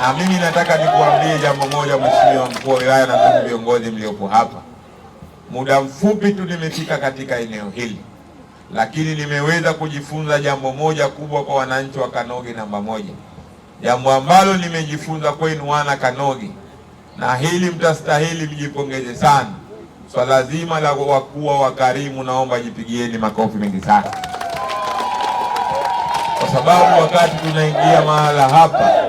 Na mimi nataka nikuambie jambo moja, Mheshimiwa mkuu wa wilaya na ndugu viongozi mliopo hapa. Muda mfupi tu nimefika katika eneo hili, lakini nimeweza kujifunza jambo moja kubwa kwa wananchi wa Kanoge namba moja, jambo ambalo nimejifunza kwenu wana Kanoge, na hili mtastahili mjipongeze sana. Swala so zima la wakuwa wakarimu, naomba jipigieni makofi mengi sana, kwa sababu wakati tunaingia mahala hapa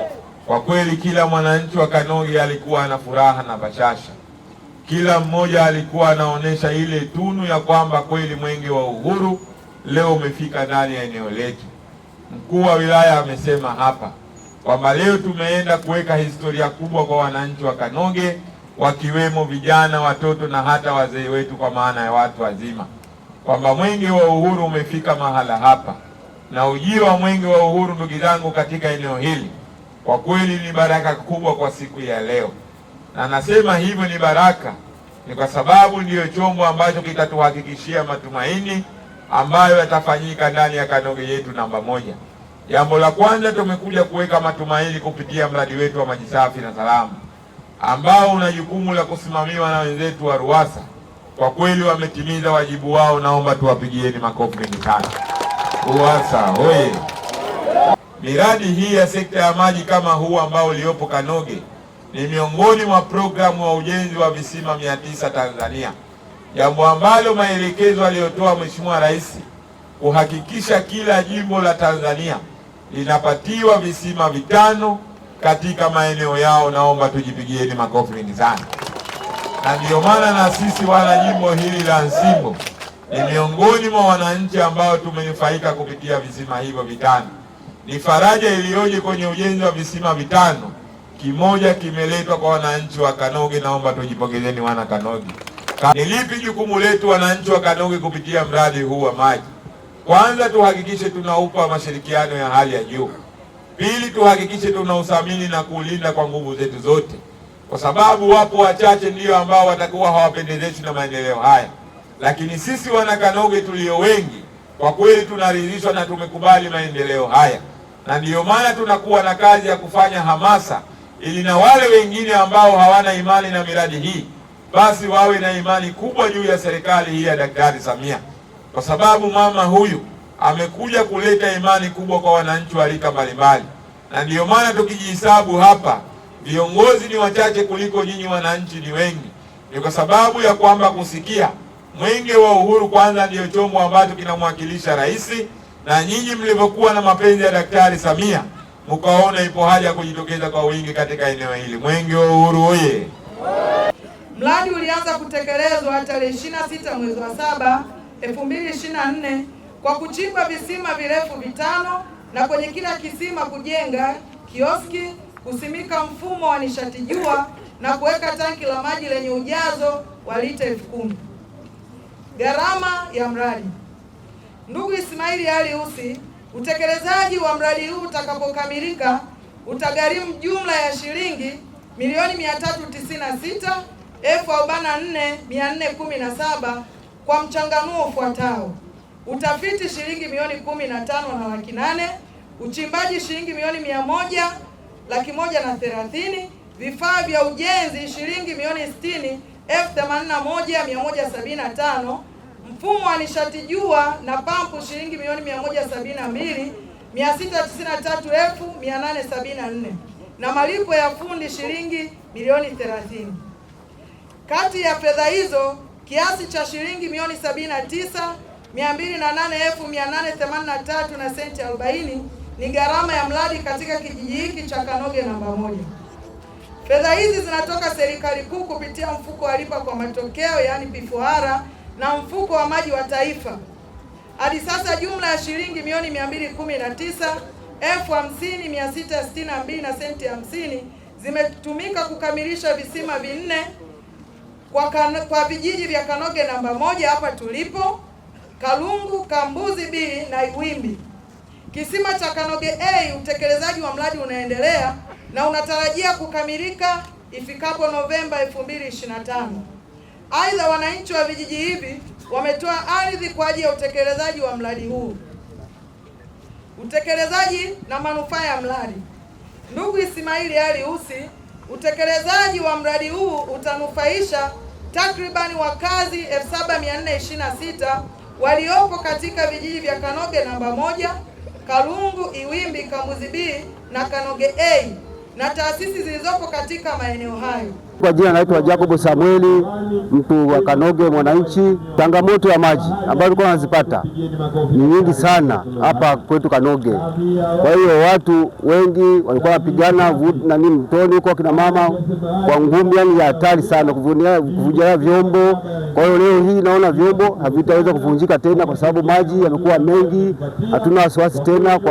kwa kweli kila mwananchi wa Kanoge alikuwa na furaha na bashasha, kila mmoja alikuwa anaonyesha ile tunu ya kwamba kweli mwenge wa uhuru leo umefika ndani ya eneo letu. Mkuu wa wilaya amesema hapa kwamba leo tumeenda kuweka historia kubwa kwa wananchi wa Kanoge, wakiwemo vijana, watoto na hata wazee wetu, kwa maana ya watu wazima, kwamba mwenge wa uhuru umefika mahala hapa. Na ujio wa mwenge wa uhuru, ndugu zangu, katika eneo hili kwa kweli ni baraka kubwa kwa siku ya leo, na nasema hivyo ni baraka ni kwa sababu ndiyo chombo ambacho kitatuhakikishia matumaini ambayo yatafanyika ndani ya kanoge yetu namba moja. Jambo la kwanza, tumekuja kuweka matumaini kupitia mradi wetu wa maji safi na salama ambao una jukumu la kusimamiwa na wenzetu wa Ruwasa. Kwa kweli wametimiza wajibu wao, naomba tuwapigieni makofi mengi sana. Ruwasa hoye! Miradi hii ya sekta ya maji kama huu ambao uliopo Kanoge ni miongoni mwa programu wa ujenzi wa visima mia tisa Tanzania, jambo ambalo maelekezo aliyotoa Mheshimiwa Rais kuhakikisha kila jimbo la Tanzania linapatiwa visima vitano katika maeneo yao. Naomba tujipigieni makofi mengi sana, na ndiyo maana na sisi wana jimbo hili la Nsimbo ni miongoni mwa wananchi ambao tumenufaika kupitia visima hivyo vitano. Ni faraja iliyoje kwenye ujenzi wa visima vitano, kimoja kimeletwa kwa wananchi wa Kanoge. Naomba tujipongezeni wana Kanoge. Ni lipi jukumu letu wananchi wa Kanoge kupitia mradi huu wa maji? Kwanza, tuhakikishe tunaupa mashirikiano ya hali ya juu. Pili, tuhakikishe tunausamini na kuulinda kwa nguvu zetu zote, kwa sababu wapo wachache ndio ambao watakuwa hawapendezeshi na maendeleo haya, lakini sisi wana Kanoge tulio wengi kwa kweli tunaridhishwa na tumekubali maendeleo haya na ndiyo maana tunakuwa na kazi ya kufanya hamasa, ili na wale wengine ambao hawana imani na miradi hii basi wawe na imani kubwa juu ya serikali hii ya Daktari Samia, kwa sababu mama huyu amekuja kuleta imani kubwa kwa wananchi wa rika mbalimbali, na ndiyo maana tukijihesabu hapa viongozi ni wachache kuliko nyinyi wananchi ni wengi. Ni kwa sababu ya kwamba kusikia mwenge wa uhuru kwanza ndiyo chombo ambacho kinamwakilisha rais na nyinyi mlivyokuwa na mapenzi ya Daktari Samia mkaona ipo haja ya kujitokeza kwa wingi katika eneo hili. Mwenge wa Uhuru oye! Mradi ulianza kutekelezwa tarehe 26 mwezi wa saba 2024 kwa kuchimba visima virefu vitano na kwenye kila kisima kujenga kioski, kusimika mfumo wa nishati jua na kuweka tanki la maji lenye ujazo wa lita elfu kumi. Gharama ya mradi Ndugu ismaili Ali usi utekelezaji wa mradi huu utakapokamilika utagharimu jumla ya shilingi milioni 396 kwa mchanganuo ufuatao: utafiti shilingi milioni 15 na na laki nane, uchimbaji shilingi milioni mia moja laki moja na thelathini, vifaa vya ujenzi shilingi milioni sitini elfu themanini na mfumo wa nishati jua na pampu shilingi milioni 172 693,874 na malipo ya fundi shilingi milioni 30. Kati ya fedha hizo kiasi cha shilingi milioni 79 208,883 na senti 40 ni gharama ya mradi katika kijiji hiki cha Kanoge namba moja. Fedha hizi zinatoka serikali kuu kupitia mfuko wa lipa kwa matokeo yaani PIFOARA na mfuko wa maji wa taifa. Hadi sasa jumla ya shilingi milioni 219 elfu hamsini na senti 50 zimetumika kukamilisha visima vinne kwa, kan, kwa vijiji vya Kanoge namba moja hapa tulipo, Kalungu, Kambuzi B na Iwimbi. Kisima cha Kanoge A, utekelezaji wa mradi unaendelea na unatarajia kukamilika ifikapo Novemba 2025. Aidha, wananchi wa vijiji hivi wametoa ardhi kwa ajili ya utekelezaji wa mradi huu, utekelezaji na manufaa ya mradi. Ndugu Ismaili Ali Usi, utekelezaji wa mradi huu utanufaisha takribani wakazi 7426 waliopo katika vijiji vya Kanoge namba moja, Kalungu, Iwimbi, Kambuzi B na Kanoge A na taasisi zilizopo katika maeneo hayo. Kwa jina naitwa Jacobo Samueli, mtu wa Kanoge mwananchi. Changamoto ya maji ambayo tulikuwa nazipata ni nyingi sana hapa kwetu Kanoge. Kwa hiyo watu wengi walikuwa wanapigana nani mtoni huko, akina mama kwa ngumi, yani ya hatari sana kuvunjana vyombo. Kwa hiyo leo hii naona vyombo havitaweza kuvunjika tena, kwa sababu maji yamekuwa mengi, hatuna wasiwasi tena kwa